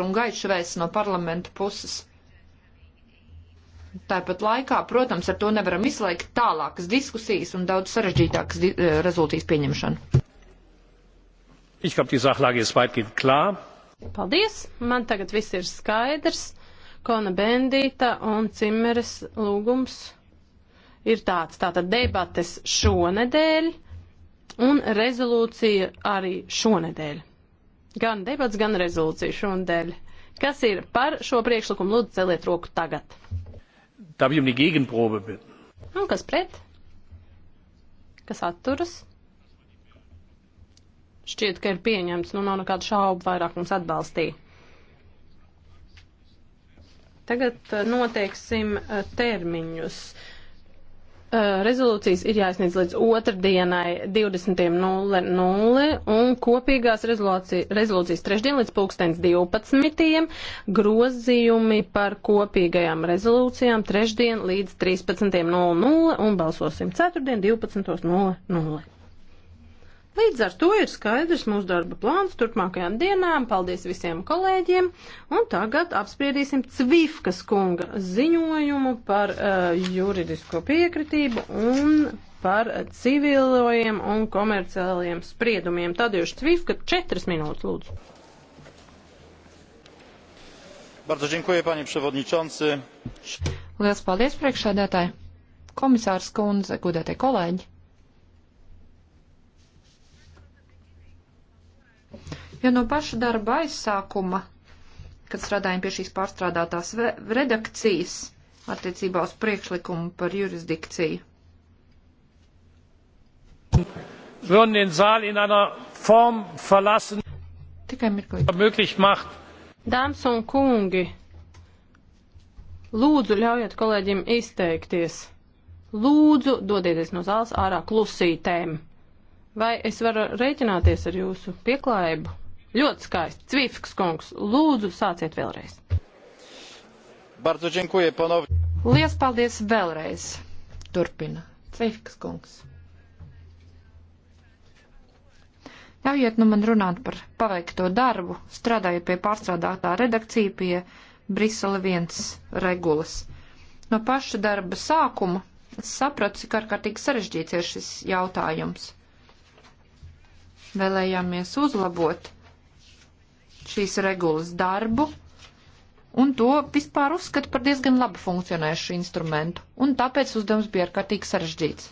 un gaišu vēsts no parlamenta puses. Tāpat laikā, protams, ar to nevaram izslēgt tālākas diskusijas un daudz sarežģītākas di eh, rezultīs pieņemšanu. Ich glaube, die Sachlage ist weitgehend klar. Paldies! Man tagad viss ir skaidrs. Kona Bendīta un Cimeres lūgums ir tāds. Tātad debates šonedēļ un rezolūcija arī šonedēļ gan debats, gan rezolūciju šodien. Kas ir par šo priekšlikumu? Lūdzu, celiet roku tagad. Darf ich um die Gegenprobe bitten? Un kas pret? Kas atturas? Šķiet, ka ir pieņemts, nu nav nekādu šaubu, vairāk mums atbalstīja. Tagad eh, noteiksim eh, termiņus. Uh, rezolūcijas ir jāizsniedz līdz otrdienai 20.00 un kopīgās rezolūcijas trešdien līdz pulkstens 12. grozījumi par kopīgajām rezolūcijām trešdien līdz 13.00 un balsosim ceturtdien 12.00. Līdz ar to ir skaidrs mūsu darba plāns turpmākajām dienām. Paldies visiem kolēģiem. Un tagad apspriedīsim Cvifkas kunga ziņojumu par uh, juridisko piekritību un par civilojiem un komerciāliem spriedumiem. Tad jau Cvifka četras minūtes lūdzu. Bardzo dziękuję, panie przewodniczący. Liels paldies, priekšsēdētāji! Komisārs kundze, gudētie kolēģi! Jo no paša darba aizsākuma, kad strādājam pie šīs pārstrādātās redakcijas attiecībā uz priekšlikumu par jurisdikciju. Würden den Saal in einer Form verlassen, möglich macht. Dāmas un kungi, lūdzu ļaujiet kolēģim izteikties. Lūdzu, dodieties no zāles ārā klusītēm. Vai es varu rēķināties ar jūsu pieklājību? Ļoti skaisti. Cvifks kungs, lūdzu, sāciet vēlreiz. Bardzo dziękuję ponownie. Lies paldies vēlreiz. Turpina. Cvifks kungs. Ļaujiet nu man runāt par paveikto darbu. Strādāju pie pārstrādātā redakcija pie Brisele 1 regulas. No paša darba sākuma es sapratu, cik ārkārtīgi sarežģīts ir šis jautājums. Vēlējāmies uzlabot šīs regulas darbu un to vispār uzskata par diezgan labi funkcionējušu instrumentu, un tāpēc uzdevums bija ārkārtīgi sarežģīts.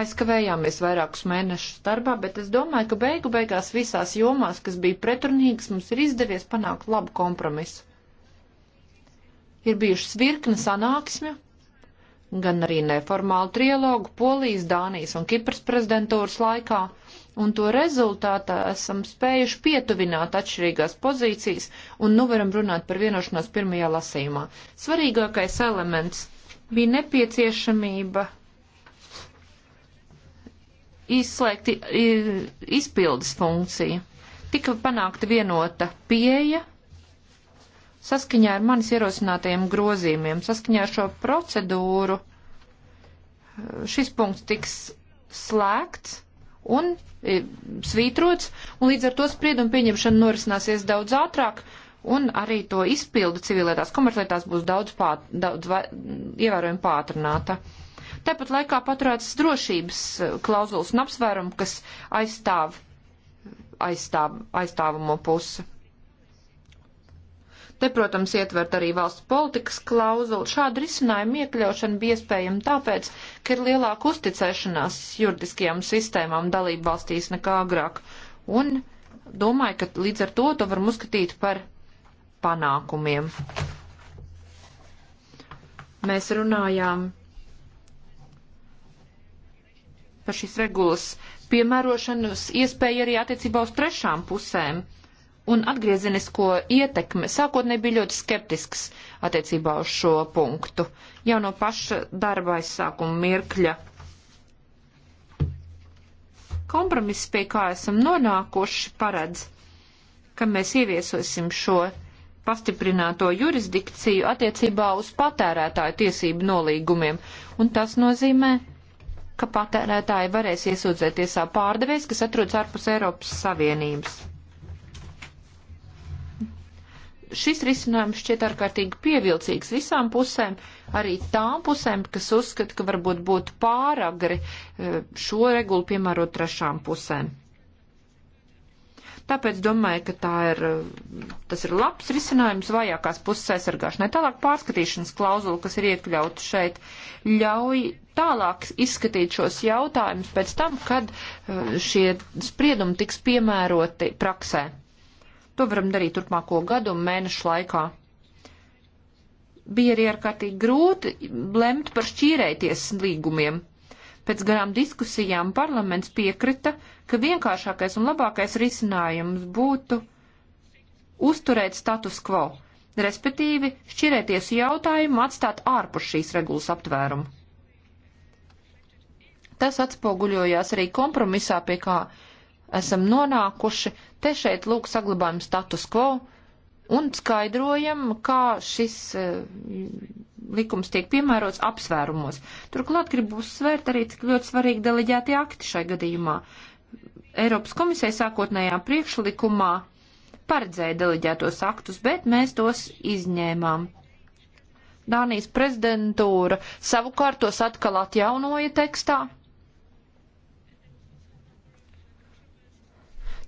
Aizkavējāmies vairākus mēnešus darbā, bet es domāju, ka beigu beigās visās jomās, kas bija pretrunīgas, mums ir izdevies panākt labu kompromisu. Ir bijušas virkne sanāksmju, gan arī neformālu trilogu Polijas, Dānijas un Kipras prezidentūras laikā, un to rezultātā esam spējuši pietuvināt atšķirīgās pozīcijas, un nu varam runāt par vienošanos pirmajā lasījumā. Svarīgākais elements bija nepieciešamība izslēgt izpildes funkciju. Tika panākta vienota pieeja saskaņā ar manis ierosinātajiem grozījumiem, saskaņā ar šo procedūru. Eh, šis punkts tiks slēgts un e, svītrots, un līdz ar to spriedumu pieņemšana norisināsies daudz ātrāk, un arī to izpildu civilētās komerclietās būs daudz, pāt, daudz va, ievērojami pātrināta. Tāpat laikā paturētas drošības e, klauzulas un apsvērumu, kas aizstāv, aizstāv aizstāvamo pusi. Te, protams, ietvert arī valsts politikas klauzulu. Šāda risinājuma iekļaušana bija iespējama tāpēc, ka ir lielāka uzticēšanās juridiskajām sistēmām dalību valstīs nekā agrāk. Un domāju, ka līdz ar to to varam uzskatīt par panākumiem. Mēs runājām par šīs regulas piemērošanas iespēju arī attiecībā uz trešām pusēm un atgriezenisko ietekmi sākotnēji bija ļoti skeptisks attiecībā uz šo punktu. Jau no paša darba aizsākuma mirkļa. Kompromiss, pie kā esam nonākuši, paredz, ka mēs ieviesosim šo pastiprināto jurisdikciju attiecībā uz patērētāju tiesību nolīgumiem, un tas nozīmē, ka patērētāji varēs iesūdzēt tiesā pārdevējs, kas atrodas ārpus Eiropas Savienības šis risinājums šķiet ārkārtīgi pievilcīgs visām pusēm, arī tām pusēm, kas uzskata, ka varbūt būtu pāragri e, šo regulu piemērot trešām pusēm. Tāpēc domāju, ka tā ir, e, tas ir labs risinājums vajākās puses aizsargāšanai. Tālāk pārskatīšanas klauzula, kas ir iekļauta šeit, ļauj tālāk izskatīt šos jautājumus pēc tam, kad e, šie spriedumi tiks piemēroti praksē. To varam darīt turpmāko gadu un mēnešu laikā. Bija arī ārkārtīgi grūti lemt par šķīrēties līgumiem. Pēc garām diskusijām parlaments piekrita, ka vienkāršākais un labākais risinājums būtu uzturēt status quo, respektīvi šķirēties jautājumu atstāt ārpus šīs regulas aptvērumu. Tas atspoguļojās arī kompromisā, pie kā esam nonākuši Te šeit lūk saglabājam status quo un skaidrojam, kā šis e, likums tiek piemērots apsvērumos. Turklāt gribu uzsvērt arī, cik ļoti svarīgi deleģētie akti šai gadījumā. Eiropas komisija sākotnējā priekšlikumā paredzēja deleģētos aktus, bet mēs tos izņēmām. Dānijas prezidentūra savukārt tos atkal atjaunoja tekstā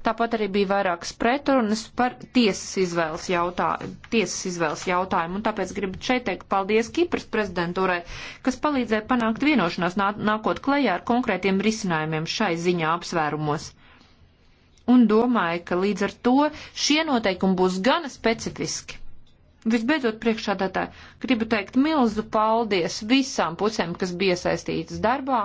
Tāpat arī bija vairākas pretrunas par tiesas izvēles, jautā, tiesas izvēles jautājumu, un tāpēc gribu šeit teikt paldies Kipras prezidentūrai, kas palīdzēja panākt vienošanos nā, nākot klajā ar konkrētiem risinājumiem šai ziņā apsvērumos. Un domāju, ka līdz ar to šie noteikumi būs gana specifiski. Visbeidzot, priekšādātāji, gribu teikt milzu paldies visām pusēm, kas bija saistītas darbā,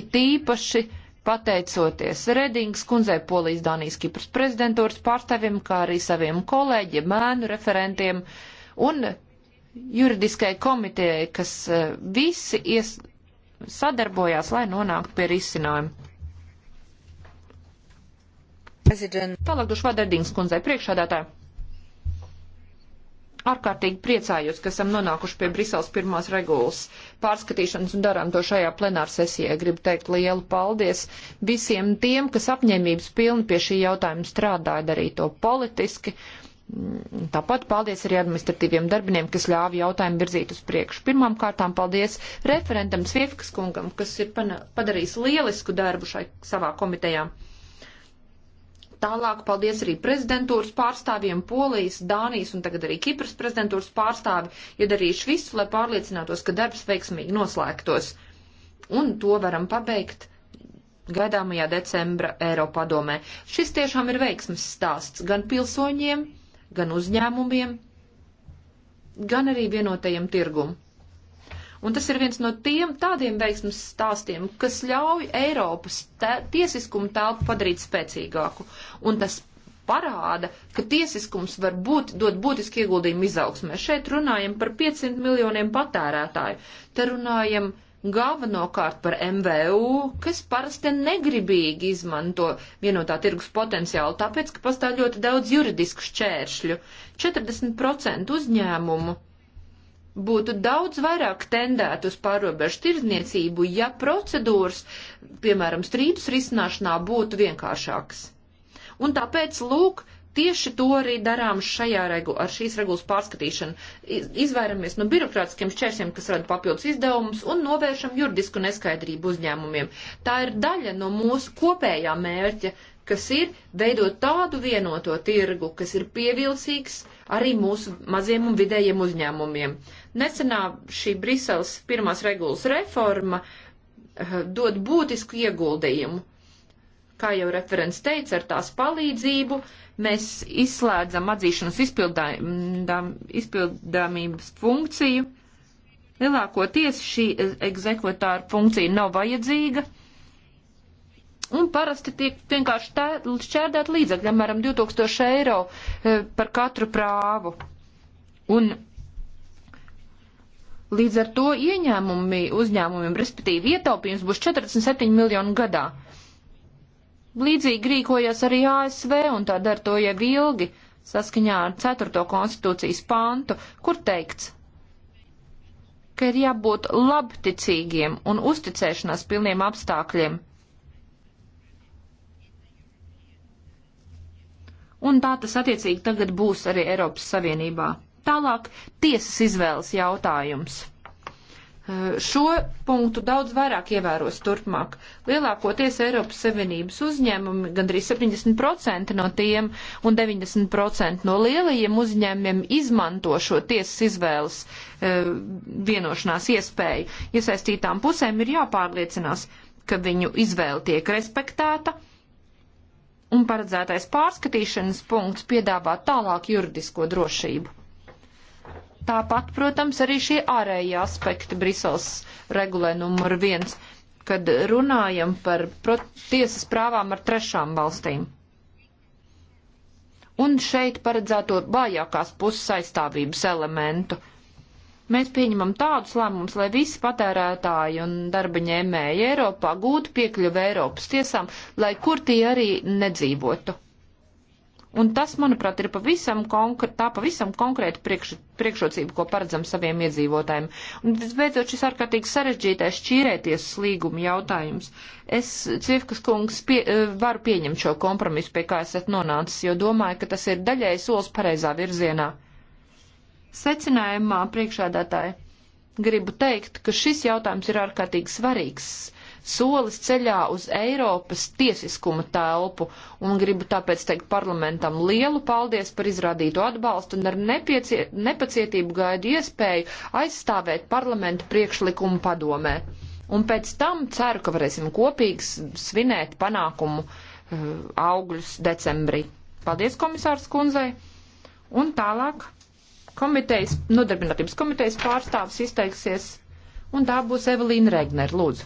it īpaši pateicoties Redings kundzei Polijas Dānijas Kipras prezidentūras pārstāvim, kā arī saviem kolēģiem, mēnu referentiem un juridiskai komitejai, kas e, visi ies, sadarbojās, lai nonāktu pie risinājuma. Tālāk došu vārdu Redings kundzei priekšādātāju ārkārtīgi priecājos, ka esam nonākuši pie Briseles pirmās regulas pārskatīšanas un darām to šajā plenāra sesijā. Gribu teikt lielu paldies visiem tiem, kas apņēmības pilni pie šī jautājuma strādāja, darīja to politiski. Mm, Tāpat paldies arī administratīviem darbiniem, kas ļāva jautājumu virzīt uz priekšu. Pirmām kārtām paldies referentam Sviefkas kungam, kas ir padarījis lielisku darbu šai savā komitejā. Tālāk paldies arī prezidentūras pārstāvjiem, Polijas, Dānijas un tagad arī Kipras prezidentūras pārstāvi ir darījuši visu, lai pārliecinātos, ka darbs veiksmīgi noslēgtos. Un to varam pabeigt gaidāmajā decembra Eiropadomē. Šis tiešām ir veiksmes stāsts gan pilsoņiem, gan uzņēmumiem, gan arī vienotajam tirgumam. Un tas ir viens no tiem tādiem veiksmes stāstiem, kas ļauj Eiropas te, tiesiskumu telpu padarīt spēcīgāku. Un tas parāda, ka tiesiskums var būt, dot būtiski ieguldījumu izaugsmē. Šeit runājam par 500 miljoniem patērētāju. Te runājam galvenokārt par MVU, kas parasti negribīgi izmanto vienotā tirgus potenciālu, tāpēc, ka pastāv ļoti daudz juridisku šķēršļu. 40% uzņēmumu būtu daudz vairāk tendēt uz pārobežu tirdzniecību, ja procedūras, piemēram, strīdus risināšanā būtu vienkāršākas. Un tāpēc, lūk, tieši to arī darām šajā regu, ar šīs regulas pārskatīšanu. Izvairamies no birokrātiskiem šķērsiem, kas rada papildus izdevumus, un novēršam juridisku neskaidrību uzņēmumiem. Tā ir daļa no mūsu kopējā mērķa kas ir veidot tādu vienoto tirgu, kas ir pievilcīgs arī mūsu maziem un vidējiem uzņēmumiem. Nesenā šī Briseles pirmās regulas reforma eh, dod būtisku ieguldījumu. Kā jau referents teica, ar tās palīdzību mēs izslēdzam atzīšanas izpildām, izpildāmības funkciju. Lielākoties šī eh, ekzekutāra funkcija nav vajadzīga un parasti tiek vienkārši tā, šķērdēt līdzekļi, apmēram 2000 eiro eh, par katru prāvu. Un līdz ar to ieņēmumi uzņēmumiem, respektīvi ietaupījums, būs 47 miljonu gadā. Līdzīgi rīkojas arī ASV un tā dara to jau ilgi, saskaņā ar 4. konstitūcijas pantu, kur teikts, ka ir jābūt labticīgiem un uzticēšanās pilniem apstākļiem un tā tas attiecīgi tagad būs arī Eiropas Savienībā. Tālāk tiesas izvēles jautājums. Eh, šo punktu daudz vairāk ievēros turpmāk. Lielākoties Eiropas Savienības uzņēmumi, gandrīz 70% no tiem un 90% no lielajiem uzņēmumiem izmanto šo tiesas izvēles e, vienošanās iespēju. Iesaistītām pusēm ir jāpārliecinās, ka viņu izvēle tiek respektēta un paredzētais pārskatīšanas punkts piedāvā tālāk juridisko drošību. Tāpat, protams, arī šie ārējie aspekti Briseles regulē numur viens, kad runājam par tiesas prāvām ar trešām valstīm un šeit paredzēto vājākās puses aizstāvības elementu. Mēs pieņemam tādus lēmumus, lai visi patērētāji un darba ņēmēji Eiropā gūtu piekļuvi Eiropas tiesām, lai kur tie arī nedzīvotu. Un tas, manuprāt, ir pavisam konkr tā pavisam konkrēta priekš priekšrocība, ko paredzam saviem iedzīvotājiem. Un visbeidzot šis ārkārtīgi sarežģītais šķīrēties slīguma jautājums. Es, Cifkas kungs, pie, e, varu pieņemt šo kompromisu, pie kā esat nonācis, jo domāju, ka tas ir daļai solis pareizā virzienā Secinājumā priekšādātāji gribu teikt, ka šis jautājums ir ārkārtīgi svarīgs solis ceļā uz Eiropas tiesiskuma telpu, un gribu tāpēc teikt parlamentam lielu paldies par izrādīto atbalstu un ar nepiecie, nepacietību gaidu iespēju aizstāvēt parlamentu priekšlikumu padomē. Un pēc tam ceru, ka varēsim kopīgi svinēt panākumu eh, augļus decembrī. Paldies komisārs kundzei! Un tālāk komitejas, nodarbinātības komitejas pārstāvis izteiksies, un tā būs Evelīna Regner. Lūdzu.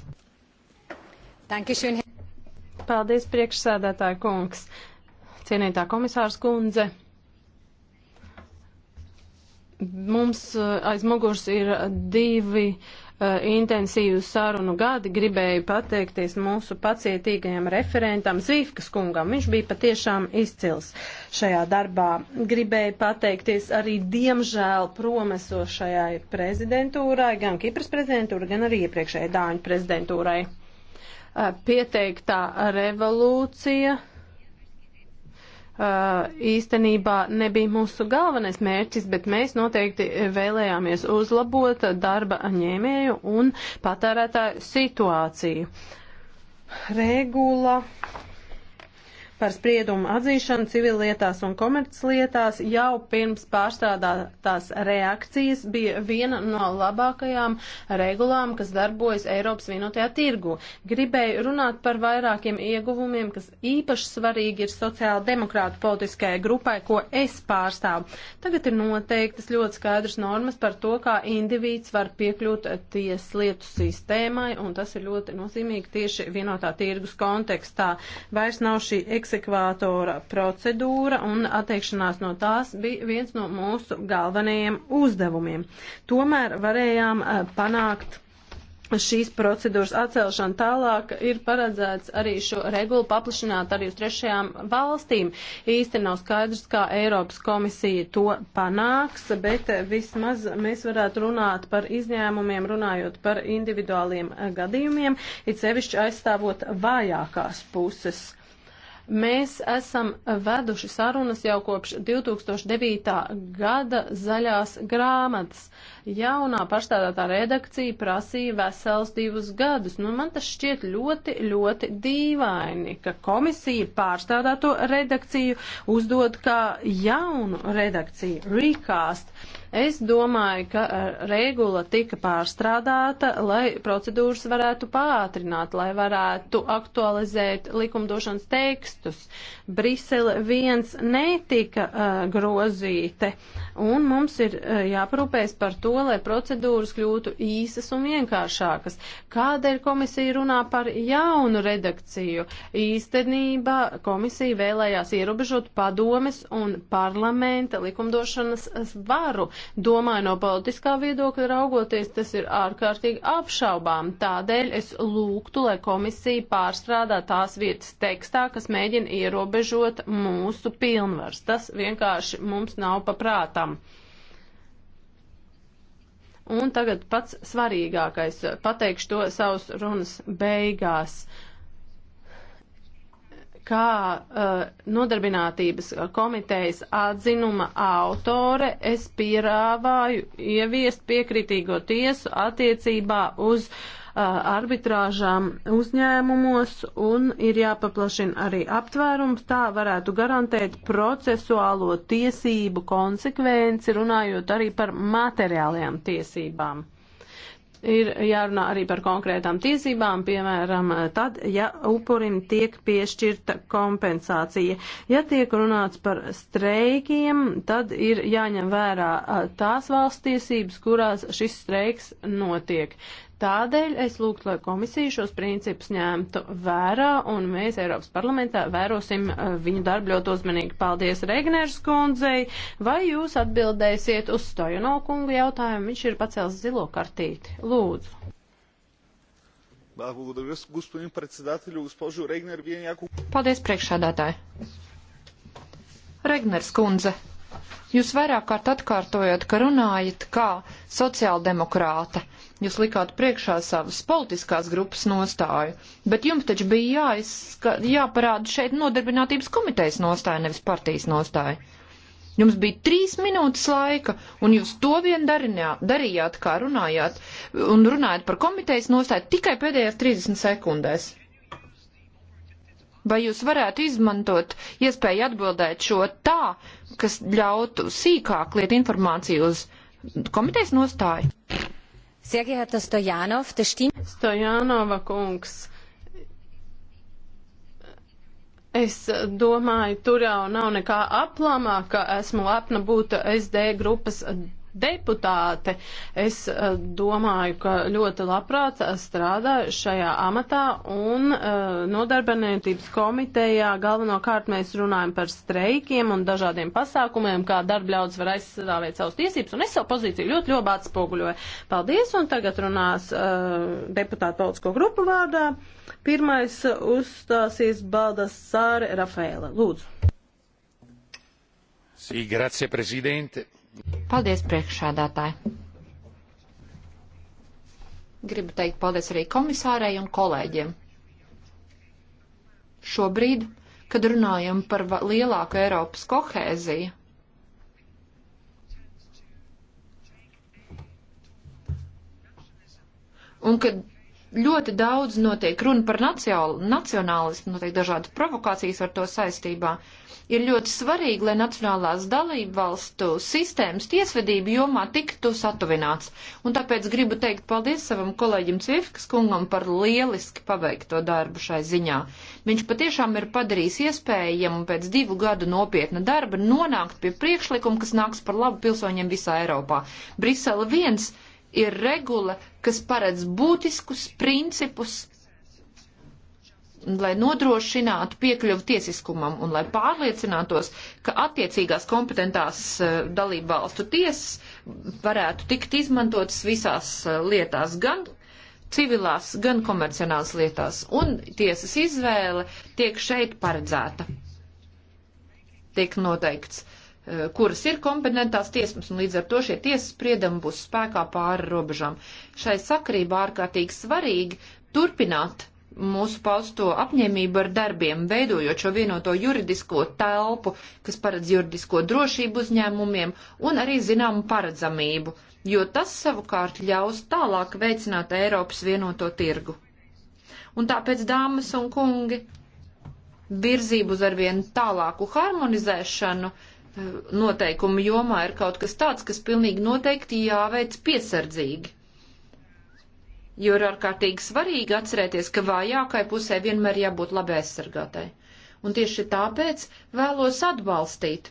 Paldies, priekšsēdētāja kungs. Cienītā komisārs kundze. Mums uh, aiz muguras ir divi uh, Eh, intensīvu sarunu gadi. Gribēju pateikties mūsu pacietīgajam referentam Zīvkas kungam. Viņš bija patiešām izcils šajā darbā. Gribēju pateikties arī diemžēl promesošajai prezidentūrai, gan Kipras prezidentūrai, gan arī iepriekšējai Dāņu prezidentūrai. Eh, pieteiktā revolūcija Uh, īstenībā nebija mūsu galvenais mērķis, bet mēs noteikti vēlējāmies uzlabot darba ņēmēju un patērētāju situāciju. Regula par spriedumu atzīšanu civillietās un komerclietās jau pirms pārstrādātās reakcijas bija viena no labākajām regulām, kas darbojas Eiropas vienotajā tirgu. Gribēju runāt par vairākiem ieguvumiem, kas īpaši svarīgi ir sociāla demokrāta politiskajai grupai, ko es pārstāvu. Tagad ir noteiktas ļoti skaidras normas par to, kā individs var piekļūt tieslietu sistēmai, un tas ir ļoti nozīmīgi tieši vienotā tirgus kontekstā. Vairs nav šī eksekvātora procedūra un atteikšanās no tās bija viens no mūsu galvenajiem uzdevumiem. Tomēr varējām eh, panākt šīs procedūras atcelšana tālāk ir paredzēts arī šo regulu paplašināt arī uz trešajām valstīm. Īsti nav skaidrs, kā Eiropas komisija to panāks, bet eh, vismaz mēs varētu runāt par izņēmumiem, runājot par individuāliem eh, gadījumiem, it sevišķi aizstāvot vājākās puses. Mēs esam veduši sarunas jau kopš 2009. gada zaļās grāmatas. Jaunā paštādātā redakcija prasīja vesels divus gadus. Nu, man tas šķiet ļoti, ļoti dīvaini, ka komisija pārstādāto redakciju uzdod kā jaunu redakciju, recast. Es domāju, ka eh, regula tika pārstrādāta, lai procedūras varētu pātrināt, lai varētu aktualizēt likumdošanas tekstus. Brisele viens netika uh, grozīte, un mums ir uh, jāparūpēs par to, lai procedūras kļūtu īsas un vienkāršākas. Kādēļ komisija runā par jaunu redakciju? Īstenībā komisija vēlējās ierobežot padomes un parlamenta likumdošanas varu karu. Domāju, no politiskā viedokļa raugoties, tas ir ārkārtīgi apšaubām. Tādēļ es lūgtu, lai komisija pārstrādā tās vietas tekstā, kas mēģina ierobežot mūsu pilnvars. Tas vienkārši mums nav paprātam. Un tagad pats svarīgākais, pateikšu to savus runas beigās. Uh, kā uh, nodarbinātības komitejas atzinuma autore, es pierāvāju ieviest piekritīgo tiesu attiecībā uz uh, arbitrāžām uzņēmumos un ir jāpaplašina arī aptvērums, tā varētu garantēt procesuālo tiesību konsekvenci, runājot arī par materiālajām tiesībām. Ir jārunā arī par konkrētām tiesībām, piemēram, tad, ja upurim tiek piešķirta kompensācija. Ja tiek runāts par streikiem, tad ir jāņem vērā tās valsts tiesības, kurās šis streiks notiek. Tādēļ es lūgtu, lai komisija šos principus ņemtu vērā, un mēs Eiropas parlamentā vērosim uh, viņu darbu ļoti uzmanīgi. Paldies Regnērs kundzei, vai jūs atbildēsiet uz Stojanov kungu jautājumu, viņš ir pacēlis zilo kartīti. Lūdzu. Paldies priekšādātāji. Regners kundze. Jūs vairāk kārt atkārtojat, ka runājat kā sociāldemokrāte. Jūs likāt priekšā savas politiskās grupas nostāju, bet jums taču bija jāizska, jāparāda šeit nodarbinātības komitejas nostāja, nevis partijas nostāja. Jums bija trīs minūtes laika, un jūs to vien darinā, darījāt, kā runājāt, un runājāt par komitejas nostāju tikai pēdējās 30 sekundēs. Vai jūs varētu izmantot iespēju atbildēt šo tā, kas ļautu sīkāk liet informāciju uz komitejas nostāju? Stojanov, Stojanova kungs. Es domāju, tur jau nav nekā aplamā, ka esmu lepna būt SD grupas deputāte. Es eh, domāju, ka ļoti labprāt eh, strādāju šajā amatā un eh, nodarbinātības komitejā galvenokārt mēs runājam par streikiem un dažādiem pasākumiem, kā darbļauds var aizstāvēt savus tiesības, un es savu pozīciju ļoti ļoti atspoguļoju. Paldies, un tagad runās uh, deputāta politisko grupu vārdā. Pirmais uzstāsies Baldas Sāre Rafēla. Lūdzu. Sī, grazie, prezidente. Paldies, priekšsādātāji! Gribu teikt paldies arī komisārei un kolēģiem. Šobrīd, kad runājam par lielāku Eiropas kohēziju, un kad ļoti daudz notiek runa par nacionālismu, notiek dažādas provokācijas ar to saistībā. Ir ļoti svarīgi, lai nacionālās dalību valstu sistēmas tiesvedību jomā tiktu satuvināts. Un tāpēc gribu teikt paldies savam kolēģim Cvifkas kungam par lieliski paveikto darbu šai ziņā. Viņš patiešām ir padarījis iespējamu pēc divu gadu nopietna darba nonākt pie priekšlikuma, kas nāks par labu pilsoņiem visā Eiropā. Brisele viens ir regula, kas paredz būtiskus principus, lai nodrošinātu piekļuvu tiesiskumam un lai pārliecinātos, ka attiecīgās kompetentās eh, dalību valstu tiesas varētu tikt izmantotas visās eh, lietās gan civilās, gan komercionālās lietās, un tiesas izvēle tiek šeit paredzēta. Tiek noteikts. Uh, Eh, kuras ir kompetentās tiesmas, un līdz ar to šie tiesas spriedumi būs spēkā pāri robežām. Šai sakarībā ārkārtīgi svarīgi turpināt mūsu pausto apņēmību ar darbiem, veidojot šo vienoto juridisko telpu, kas paredz juridisko drošību uzņēmumiem un arī zināmu paredzamību, jo tas savukārt ļaus tālāk veicināt Eiropas vienoto tirgu. Un tāpēc, dāmas un kungi, virzību uz arvien tālāku harmonizēšanu uh, noteikumu jomā ir kaut kas tāds, kas pilnīgi noteikti jāveic piesardzīgi. Jo ir ārkārtīgi svarīgi atcerēties, ka vājākai pusē vienmēr jābūt labi aizsargātai. Un tieši tāpēc vēlos atbalstīt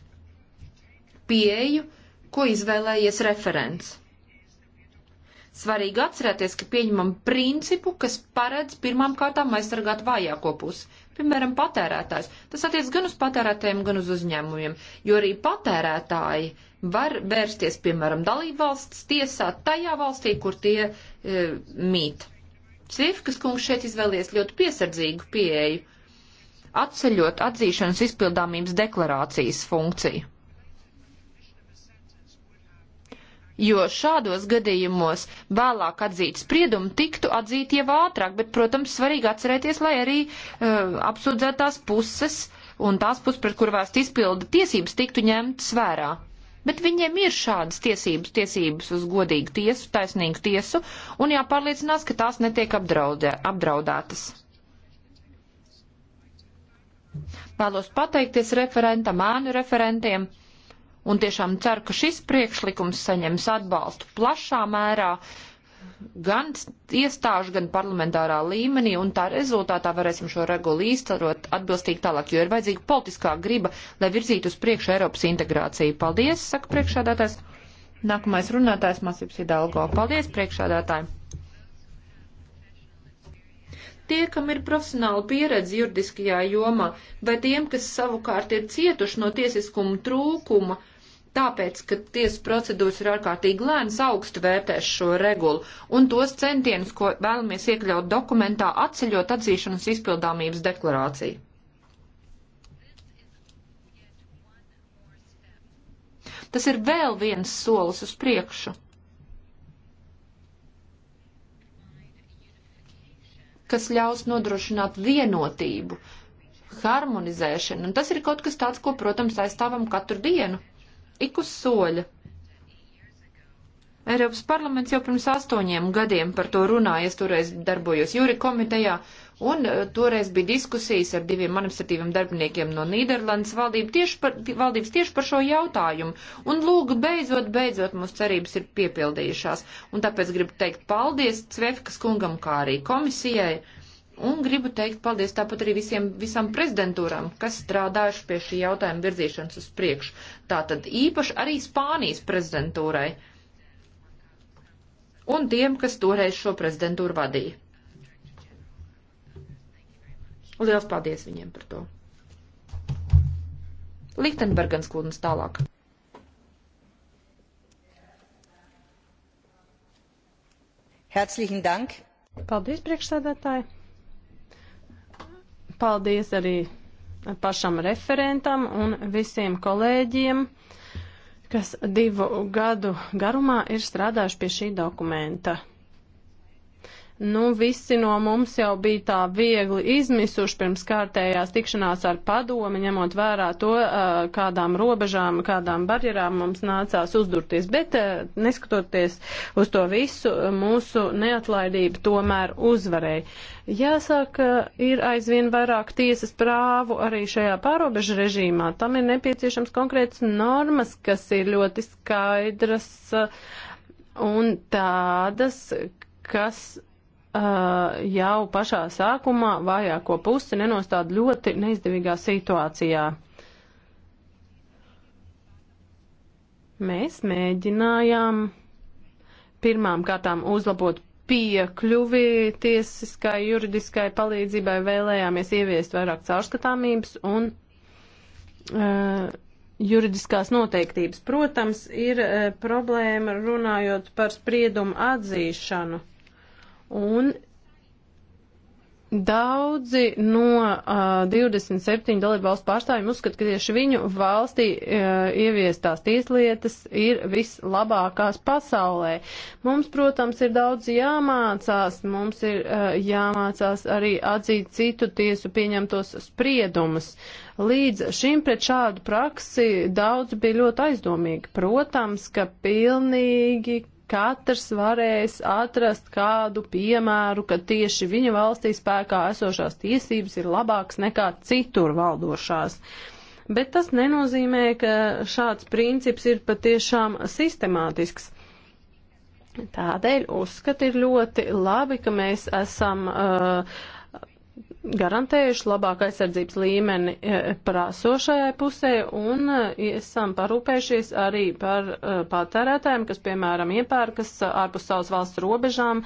pieeju, ko izvēlējies referents. Svarīgi atcerēties, ka pieņemam principu, kas paredz pirmām kārtām aizsargāt vājāko pusi. Piemēram, patērētājs. Tas attiec gan uz patērētājiem, gan uz uzņēmumiem, jo arī patērētāji var vērsties, piemēram, dalībvalsts tiesā tajā valstī, kur tie e, mīt. Cifkas kungs šeit izvēlies ļoti piesardzīgu pieeju, atceļot atzīšanas izpildāmības deklarācijas funkciju. jo šādos gadījumos vēlāk atzīt spriedumu tiktu atzīt jau ātrāk, bet, protams, svarīgi atcerēties, lai arī uh, apsūdzētās puses un tās puses, pret kur vēst izpilda tiesības, tiktu ņemtas vērā. Bet viņiem ir šādas tiesības, tiesības uz godīgu tiesu, taisnīgu tiesu, un jāpārliecinās, ka tās netiek apdraudē, apdraudētas. Vēlos pateikties referentam, ānu referentiem un tiešām ceru, ka šis priekšlikums saņems atbalstu plašā mērā gan iestāžu, gan parlamentārā līmenī, un tā rezultātā varēsim šo regulu īstenot atbilstīgi tālāk, jo ir vajadzīga politiskā griba, lai virzītu uz priekšu Eiropas integrāciju. Paldies, saka priekšādātājs. Nākamais runātājs Masības Hidalgo. Paldies, priekšādātāji. Tie, kam ir profesionāla pieredze juridiskajā jomā, vai tiem, kas savukārt ir cietuši no tiesiskuma trūkuma, tāpēc, ka tiesas procedūras ir ārkārtīgi lēnas, augstu vērtēs šo regulu un tos centienus, ko vēlamies iekļaut dokumentā, atceļot atzīšanas izpildāmības deklarāciju. Tas ir vēl viens solis uz priekšu, kas ļaus nodrošināt vienotību, harmonizēšanu, un tas ir kaut kas tāds, ko, protams, aizstāvam katru dienu ik uz soļa. Eiropas parlaments jau pirms astoņiem gadiem par to runāja, es toreiz darbojos jūri komitejā, un e, toreiz bija diskusijas ar diviem administratīviem darbiniekiem no Nīderlandes valdība tieši par, valdības tieši par šo jautājumu, un lūgu beidzot, beidzot mūsu cerības ir piepildījušās, un tāpēc gribu teikt paldies Cvefkas kungam, kā arī komisijai Un gribu teikt paldies tāpat arī visiem, visām prezidentūrām, kas strādājuši pie šī jautājuma virzīšanas uz priekšu. Tātad īpaši arī Spānijas prezidentūrai un tiem, kas toreiz šo prezidentūru vadīja. Liels paldies viņiem par to. Lichtenbergens kundze tālāk. Herzlichen Dank. Paldies, priekšsēdētāji. Paldies arī pašam referentam un visiem kolēģiem, kas divu gadu garumā ir strādājuši pie šī dokumenta. Nu, visi no mums jau bija tā viegli izmisuši pirms kārtējās tikšanās ar padomi, ņemot vērā to, kādām robežām, kādām barjerām mums nācās uzdurties. Bet, neskatoties uz to visu, mūsu neatlaidība tomēr uzvarēja. Jāsaka, ir aizvien vairāk tiesas prāvu arī šajā pārobežu režīmā. Tam ir nepieciešams konkrētas normas, kas ir ļoti skaidras un tādas, kas Uh, jau pašā sākumā vājāko pusi nenostāda ļoti neizdevīgā situācijā. Mēs mēģinājām pirmām kārtām uzlabot piekļuvi tiesiskai juridiskai palīdzībai, vēlējāmies ieviest vairāk caurskatāmības un uh, juridiskās noteiktības. Protams, ir uh, problēma runājot par spriedumu atzīšanu. Un Daudzi no uh, 27 dalībvalstu pārstāvjiem uzskata, ka tieši viņu valstī uh, ieviestās tieslietas ir vislabākās pasaulē. Mums, protams, ir daudz jāmācās, mums ir uh, jāmācās arī atzīt citu tiesu pieņemtos spriedumus. Līdz šim pret šādu praksi daudz bija ļoti aizdomīgi. Protams, ka pilnīgi katrs varēs atrast kādu piemēru, ka tieši viņa valstī spēkā esošās tiesības ir labākas nekā citur valdošās. Bet tas nenozīmē, ka šāds princips ir patiešām sistemātisks. Tādēļ uzskat ir ļoti labi, ka mēs esam uh, garantējuši labāku aizsardzības līmeni e, prāsošajai pusē un e, esam parūpējušies arī par e, patērētājiem, kas, piemēram, iepērkas ārpus savas valsts robežām,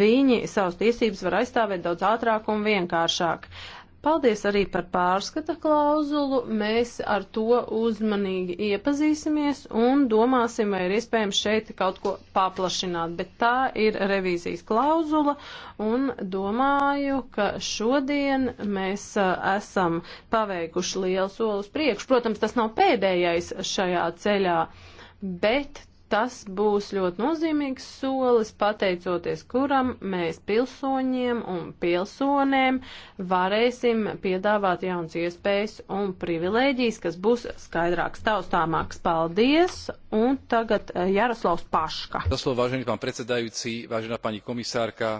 viņi savas tiesības var aizstāvēt daudz ātrāk un vienkāršāk. Uh, Paldies arī par pārskata klauzulu. Mēs ar to uzmanīgi iepazīsimies un domāsim, vai ir iespējams šeit kaut ko paplašināt. Bet tā ir revīzijas klauzula un domāju, ka šodien mēs uh, esam paveikuši lielu solus priekšu. Protams, tas nav pēdējais šajā ceļā, bet Tas būs ļoti nozīmīgs solis, pateicoties kuram mēs pilsoņiem un pilsonēm varēsim piedāvāt jauns iespējas un privilēģijas, kas būs skaidrāks, taustāmāks. Paldies! Un tagad eh, Jaroslavs Paška. Zaslo, vážený pán predsedajúci, vážená pani komisārka.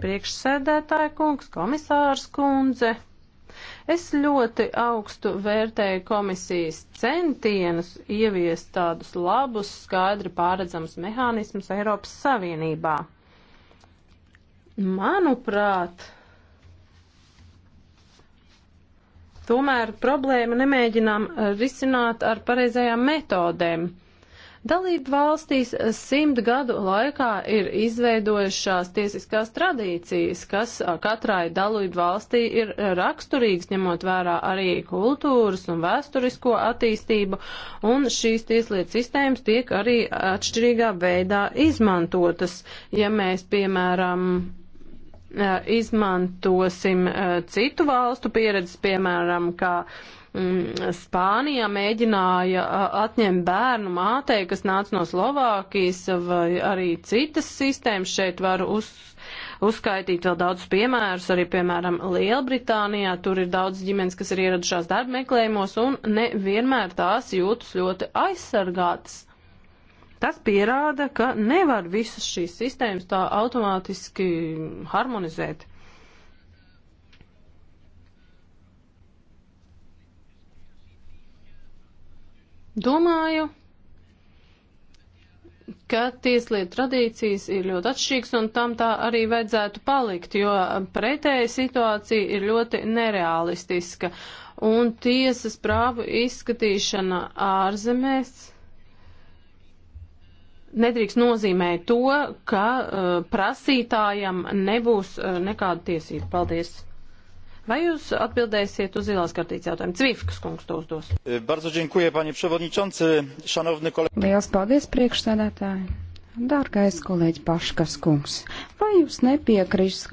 Priekšsēdētāja kungs, komisārs kundze. Es ļoti augstu vērtēju komisijas centienus ieviest tādus labus, skaidri pāredzamus mehānismus Eiropas Savienībā. Manuprāt, tomēr problēmu nemēģinām risināt ar pareizajām metodēm. Dalību valstīs simt gadu laikā ir izveidojušās tiesiskās tradīcijas, kas katrai dalību valstī ir raksturīgas, ņemot vērā arī kultūras un vēsturisko attīstību, un šīs tieslietu sistēmas tiek arī atšķirīgā veidā izmantotas. Ja mēs, piemēram, izmantosim citu valstu pieredzi, piemēram, kā Mm, Spānijā mēģināja atņemt bērnu mātei, kas nāca no Slovākijas vai arī citas sistēmas. Šeit var uz, uzskaitīt vēl daudz piemērus, arī piemēram Lielbritānijā. Tur ir daudz ģimenes, kas ir ieradušās darba meklējumos un nevienmēr tās jūtas ļoti aizsargātas. Tas pierāda, ka nevar visas šīs sistēmas tā automātiski harmonizēt. Domāju, ka tieslietu tradīcijas ir ļoti atšķirīgas un tam tā arī vajadzētu palikt, jo pretēja situācija ir ļoti nerealistiska. Un tiesas prāvu izskatīšana ārzemēs nedrīkst nozīmēt to, ka uh, prasītājam nebūs uh, nekāda tiesība. Paldies! Vai jūs atbildēsiet uz zilās kartītes jautājumu? Cvifkas kungs to uzdos. E, bardzo dziękuję, panie przewodniczący, šanovni kolēģi. Liels paldies, priekšsēdētāji. Dārgais kolēģi Paškas kungs, vai jūs nepiekrist,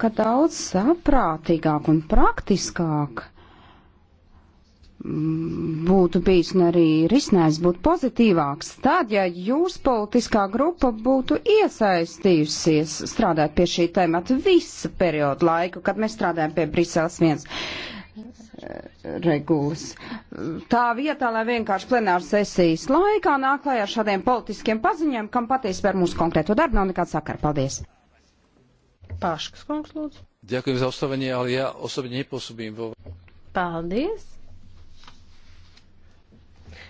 ka daudz saprātīgāk un praktiskāk būtu bijis un arī risinājums būtu pozitīvāks, tad, ja jūs politiskā grupa būtu iesaistījusies strādāt pie šī temata visu periodu laiku, kad mēs strādājam pie Briseles viens eh, regulas. Tā vietā, lai vienkārši plenāras sesijas laikā nāk klajā ar šādiem politiskiem paziņiem, kam patiesībā ar mūsu konkrēto darbu nav nekāds sakara. Paldies! Paškas kungs, lūdzu. Ďakujem za oslovenie, ale ja osobne nepôsobím vo... Paldies!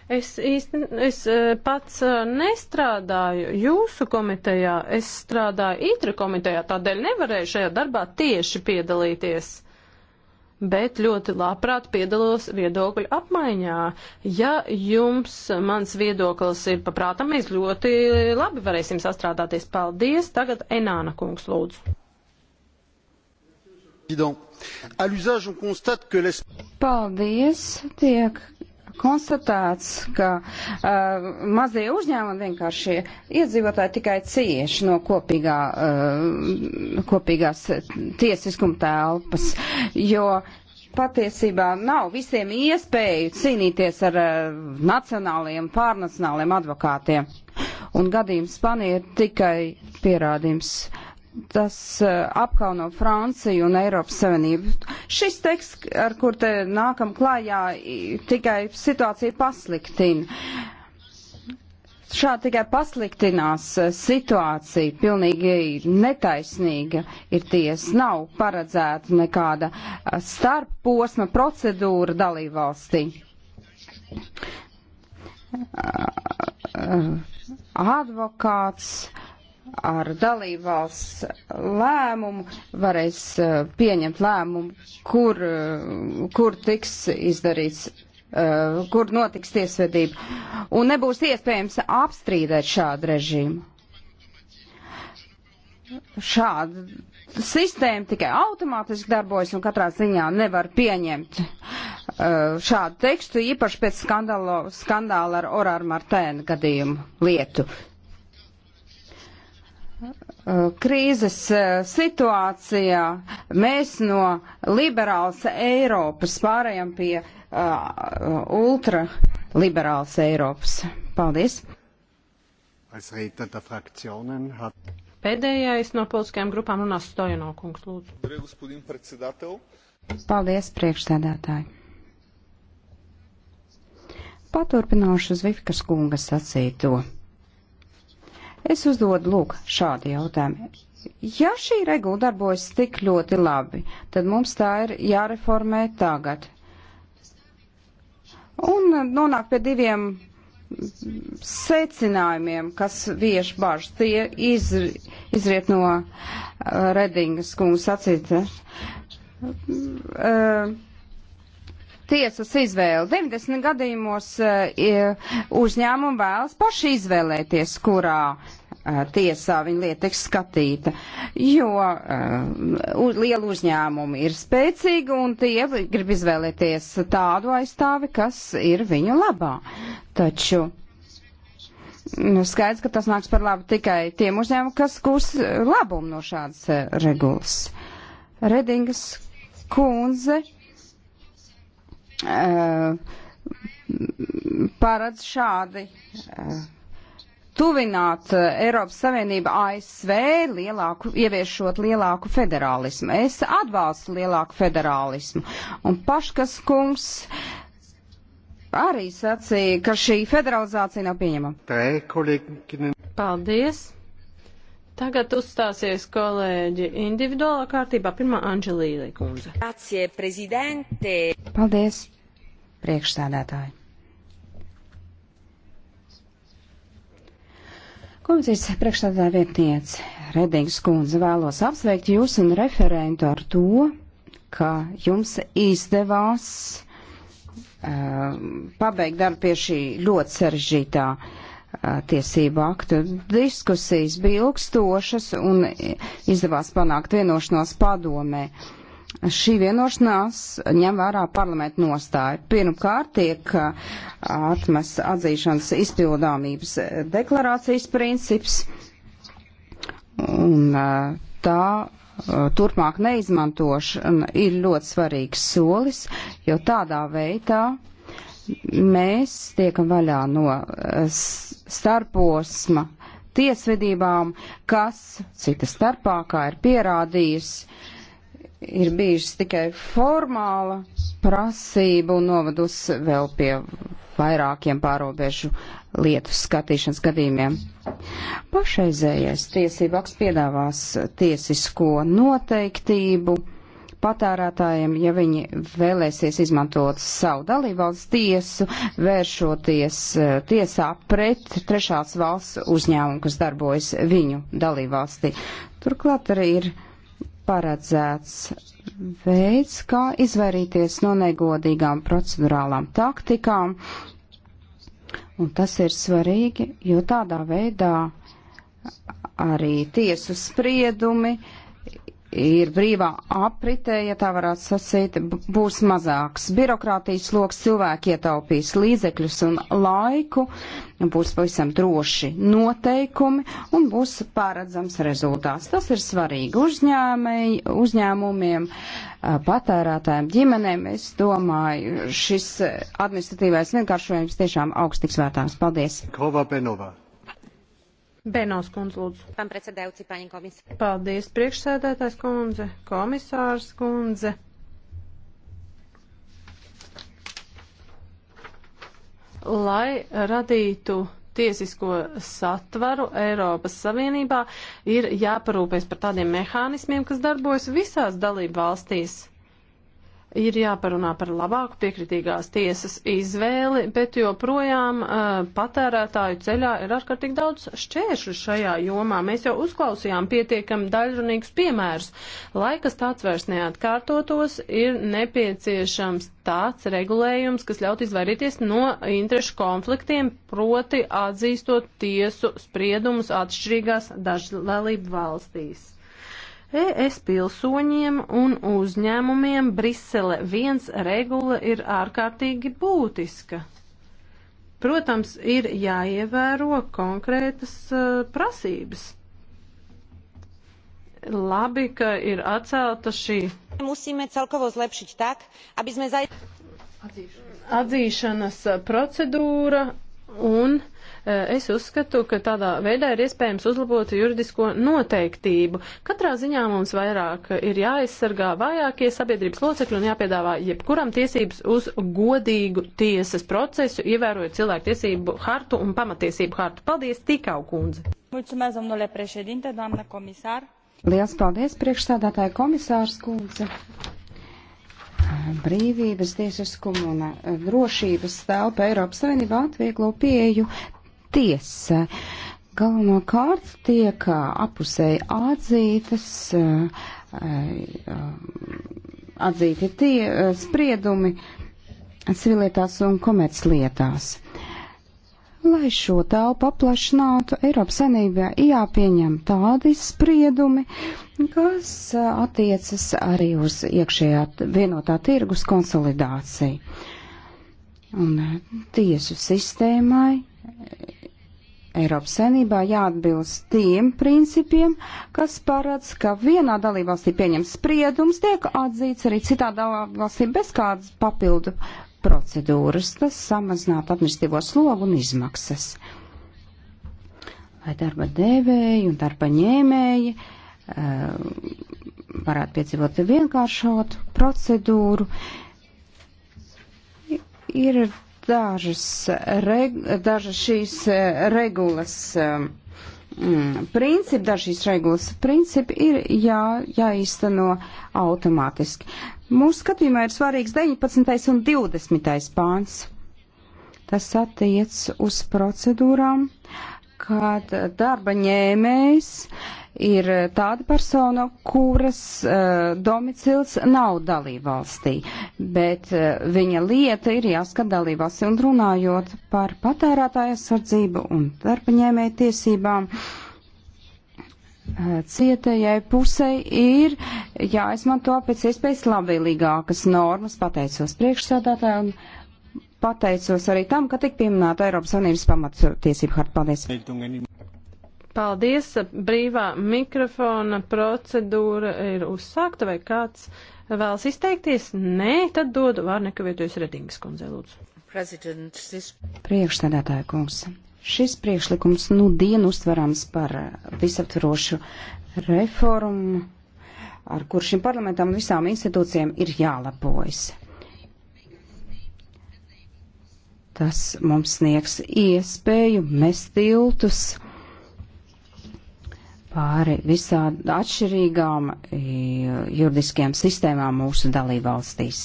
Es īsti, es eh, pats eh, nestrādāju jūsu komitejā, es strādāju ITRA komitejā, tādēļ nevarēju šajā darbā tieši piedalīties. Bet ļoti labprāt piedalos viedokļu apmaiņā. Ja jums mans viedoklis ir paprātam, mēs ļoti labi varēsim sastrādāties. Paldies! Tagad Enāna kungs lūdzu président à l'usage on constate que Paldies, tiek konstatēts, ka uh, mazie uzņēmumi vienkārši iedzīvotāji tikai cieši no kopīgā, uh, kopīgās tiesiskuma telpas, jo patiesībā nav visiem iespēju cīnīties ar uh, nacionāliem, pārnacionāliem advokātiem. Un gadījums Spānija ir tikai pierādījums. Uh, tas uh, apkauno Franciju un Eiropas Savienību. Šis teksts, ar kur te nākam klājā, tikai situāciju pasliktina. Šādi tikai pasliktinās eh, situācija, pilnīgi netaisnīga ir tiesa. Nav paredzēta nekāda eh, starpposma procedūra dalībvalstī. Advokāts uh, ar dalībvalsts lēmumu varēs eh, pieņemt lēmumu, kur, eh, kur tiks izdarīts eh, kur notiks tiesvedība, un nebūs iespējams apstrīdēt šādu režīmu. Šāda sistēma tikai automātiski darbojas un katrā ziņā nevar pieņemt šādu tekstu, īpaši pēc skandāla ar Orāru Martēnu gadījumu lietu. Eh, krīzes eh, situācijā mēs no liberālas Eiropas pārējām pie uh, eh, ultraliberālas Eiropas. Paldies! Pēdējais no politiskajām grupām runās Stojano kungs, lūdzu. Paldies, priekšstādātāji. Paturpināšu Zvifikas kungas sacīto. Es uzdodu lūk šādu jautājumu. Ja šī regula darbojas tik ļoti labi, tad mums tā ir jāreformē tagad. Un uh, nonāk pie diviem secinājumiem, kas vieš bažas. Tie izri, izriet no uh, Redingas kungas sacītas. Uh, tiesas izvēle. 90 gadījumos eh, uzņēmumi vēlas paši izvēlēties, kurā eh, tiesā viņa lieta tiks skatīta, jo eh, uh, liela uzņēmuma ir spēcīga un tie grib izvēlēties tādu aizstāvi, kas ir viņu labā. Taču nu, skaidrs, ka tas nāks par labu tikai tiem uzņēmumiem, kas gūs labumu no šādas regulas. Redingas kundze Eh, paredz šādi eh, tuvināt eh, Eiropas Savienību ASV, lielāku, ieviešot lielāku federālismu. Es atbalstu lielāku federālismu. Un Paškas kungs arī sacīja, ka šī federalizācija nav pieņemama. Paldies! Tagad uzstāsies kolēģi individuālā kārtībā. Pirmā Anģelīla kundze. Grazie, prezidente. Paldies, priekšsādātāji. Komisijas priekšstādā vietniece Redings kundze vēlos apsveikt jūs un referentu ar to, ka jums izdevās uh, pabeigt darbu pie šī ļoti sarežģītā uh, tiesību aktu. Diskusijas bija ilgstošas un izdevās panākt vienošanos padomē. Šī vienošanās ņem vērā parlamentu nostāju. Pirmkārt tiek atmes atzīšanas izpildāmības deklarācijas princips un tā turpmāk neizmantošana ir ļoti svarīgs solis, jo tādā veidā mēs tiekam vaļā no eh, starposma tiesvedībām, kas cita starpā, kā ir pierādījis, ir bijušas tikai formāla prasība un novadus vēl pie vairākiem pārobežu lietu skatīšanas gadījumiem. Pašreizējais tiesību akts piedāvās tiesisko noteiktību patērētājiem, ja viņi vēlēsies izmantot savu dalībvalsts tiesu, vēršoties e, tiesā pret trešās valsts uzņēmumu, kas darbojas viņu dalībvalstī. Turklāt arī ir paredzēts veids, kā izvairīties no negodīgām procedurālām taktikām, un tas ir svarīgi, jo tādā veidā arī tiesu spriedumi uh, ir brīvā apritē, ja tā varētu sasīt, būs mazāks birokrātijas sloks, cilvēki ietaupīs līdzekļus un laiku, būs pavisam droši noteikumi un būs pārredzams rezultāts. Tas ir svarīgi uzņēmēji, uzņēmumiem, patērētājiem, ģimenēm. Es domāju, šis administratīvais vienkāršojums tiešām augstiks vērtās. Paldies! Kova Benova. Benovs kundze, lūdzu. Paldies, priekšsēdētājs kundze, komisārs kundze. Lai radītu tiesisko satvaru Eiropas Savienībā, ir jāparūpēs par tādiem mehānismiem, kas darbojas visās dalību valstīs ir jāparunā par labāku piekritīgās tiesas izvēli, bet joprojām uh, patērētāju ceļā ir ārkārtīgi daudz šķēršļu šajā jomā. Mēs jau uzklausījām pietiekami daļrunīgus piemērus. Lai kas tāds vairs neatkārtotos, ir nepieciešams tāds regulējums, kas ļaut izvairīties no interešu konfliktiem, proti atzīstot tiesu spriedumus atšķirīgās dažlalību valstīs. ES pilsoņiem un uzņēmumiem Brisele viens regula ir ārkārtīgi būtiska. Protams, ir jāievēro konkrētas uh, prasības. Labi, ka ir atcelta šī. Musíme celkovo zlepšiť tak, aby sme zai... Atzīšanas procedūra un uh, Eh, es uzskatu, ka tādā veidā ir iespējams uzlabot juridisko noteiktību. Katrā ziņā mums vairāk ir jāaizsargā vājākie sabiedrības locekļi un jāpiedāvā jebkuram tiesības uz godīgu tiesas procesu, ievērojot cilvēku tiesību hartu un pamatiesību hartu. Paldies, Tikau kundze! Mulțumesc, domnule președinte, doamnă comisar! Liels paldies, priekšsādātāja komisārs kundze! brīvības, tiesiskuma un eh, drošības telpa Eiropas Savienībā atvieglo pieju tiesai. Galvenokārt tiek apusēji atzītas, atzīti tie spriedumi civilietās un komerclietās. Lai šo telpu paplašinātu, Eiropas Savienībā jāpieņem tādi spriedumi, kas attiecas arī uz iekšējā vienotā tirgus konsolidāciju. Un tiesu sistēmai Eiropas saimnībā jāatbilst tiem principiem, kas paredz, ka vienā dalībvalstī pieņems spriedums, tiek atzīts arī citā dalībvalstī bez kādas papildu procedūras. Tas samazinātu administratīvo slogu un izmaksas. Lai darba devēji un darba ņēmēji eh, varētu piedzīvot vienkāršotu procedūru, ir dažas, reg, dažas šīs eh, regulas eh, mm, principi, dažas šīs regulas principi ir jā, jāīsteno automātiski. Mūsu skatījumā ir svarīgs 19. un 20. pāns. Tas attiec uz procedūrām, uh, kad darba ņēmējs ir tāda persona, kuras uh, domicils nav dalībvalstī, bet uh, viņa lieta ir jāskat dalībvalstī un runājot par patērētāja sardzību un darba ņēmēja tiesībām. Uh, cietējai pusei ir jāizmanto pēc iespējas labvēlīgākas normas, pateicos priekšsēdētājai un pateicos arī tam, ka tik pieminēta Eiropas Savienības pamatiesība harta. Paldies! Paldies! Brīvā mikrofona procedūra ir uzsākta, vai kāds vēlas izteikties? Nē, tad dodu vārneku vietojas Redingas kundze, lūdzu. This... Priekšstādātāja kungs, šis priekšlikums nu dienu uztverams par visaptvarošu reformu, ar kur šim parlamentam un visām institūcijām ir jālapojas. Tas mums sniegs iespēju mest tiltus pāri visādi atšķirīgām e, juridiskajām sistēmām mūsu dalībvalstīs.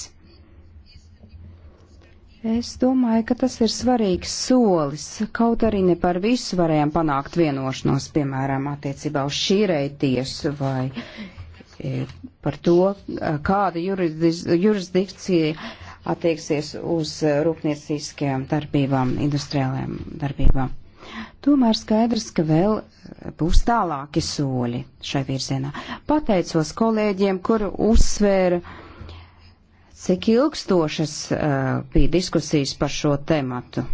Es domāju, ka tas ir svarīgs solis, kaut arī ne par visu varējām panākt vienošanos, piemēram, attiecībā uz šīreitiesu vai par to, kāda jurisdikcija attieksies uz rūpnieciskajām darbībām, industriālajām darbībām. Tomēr skaidrs, ka vēl būs tālāki soļi šai virzienā. Pateicos kolēģiem, kuri uzsvēra, cik ilgstošas uh, bija diskusijas par šo tematu.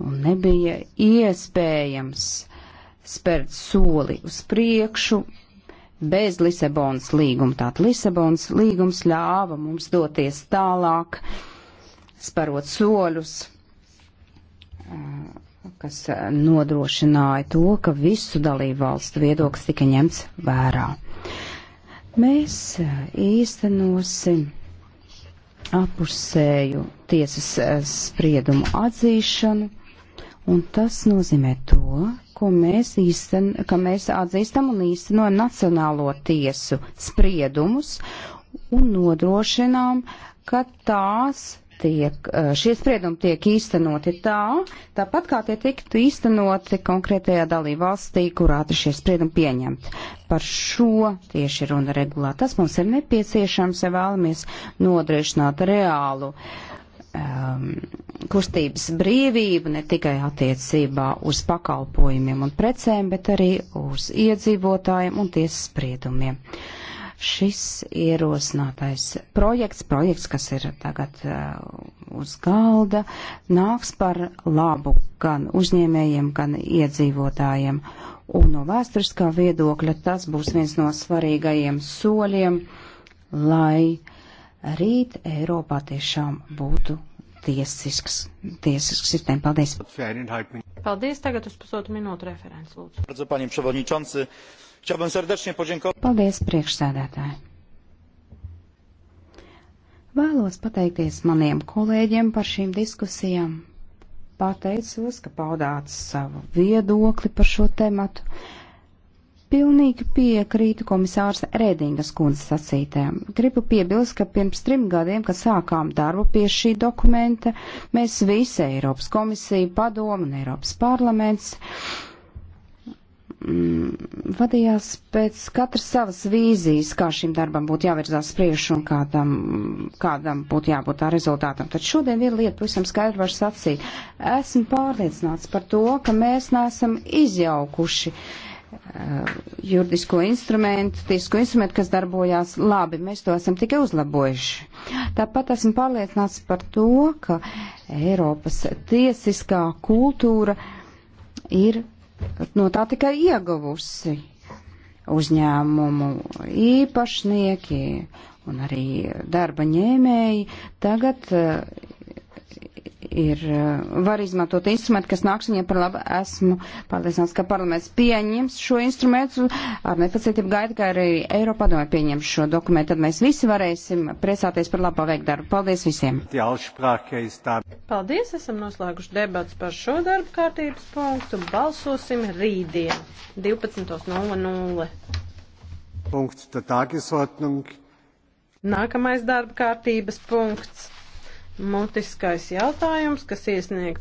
Un nebija iespējams spērt soli uz priekšu bez Lisabonas līguma. Tātad Lisabonas līgums ļāva mums doties tālāk, sparot soļus, kas nodrošināja to, ka visu dalību valstu viedoklis tika ņemts vērā. Mēs īstenosim apusēju tiesas spriedumu atzīšanu, un tas nozīmē to, ko mēs, īsten, ka mēs atzīstam un īstenojam Nacionālo tiesu spriedumus un nodrošinām, ka tās tiek, eh, šie spriedumi tiek īstenoti tā, tāpat kā tie tiktu īstenoti konkrētajā dalībvalstī, kurā šie spriedumi pieņemti. Par šo tieši runa regulā. Tas mums ir nepieciešams, ja vēlamies nodrošināt reālu uh, um, kustības brīvību ne tikai attiecībā uz pakalpojumiem un precēm, bet arī uz iedzīvotājiem un tiesas spriedumiem. Šis ierosinātais projekts, projekts, kas ir tagad uh, uz galda, nāks par labu gan uzņēmējiem, gan iedzīvotājiem. Un no vēsturiskā viedokļa tas būs viens no svarīgajiem soļiem, lai rīt Eiropā tiešām būtu tiesisks, tiesisks sistēma. Paldies! Paldies! Tagad uz pusotru minūtu referents lūdzu. Paldies, priekšsēdētāji! Vēlos pateikties maniem kolēģiem par šīm diskusijām. Pateicos, ka paudāts savu viedokli par šo tematu. Pilnīgi piekrītu komisārs Rēdingas kundzes sacītēm. Gribu piebilst, ka pirms trim gadiem, kad sākām darbu pie šī dokumenta, mēs visi Eiropas komisija, padomu un Eiropas parlaments mm, vadījās pēc katras savas vīzijas, kā šim darbam būtu jāvirzās priekš un kādam, kādam būtu jābūt tā rezultātam. Tad šodien viena lieta pavisam skaidri var sacīt. Esmu pārliecināts par to, ka mēs neesam izjaukuši uh, Eh, juridisko instrumentu, tiesisko instrumentu, kas darbojās labi. Mēs to esam tikai uzlabojuši. Tāpat esmu pārliecināts par to, ka Eiropas tiesiskā kultūra ir no tā tikai ieguvusi uzņēmumu īpašnieki un arī darba ņēmēji. Tagad uh, ir, eh, var izmantot instrumenti, kas nāks viņiem par labu. Esmu pārliecināts, ka parlaments pieņems šo instrumentu. Ar nepacietību gaidu, ka arī Eiropa domē pieņems šo dokumentu. Tad mēs visi varēsim priecāties par labu paveikt darbu. Paldies visiem! Paldies! Esam noslēguši debats par šo darbu kārtības punktu. Balsosim rītdien 12.00. Punkts tā tagesordnung. Nākamais darba kārtības punkts mutiskais jautājums, kas iesniegts.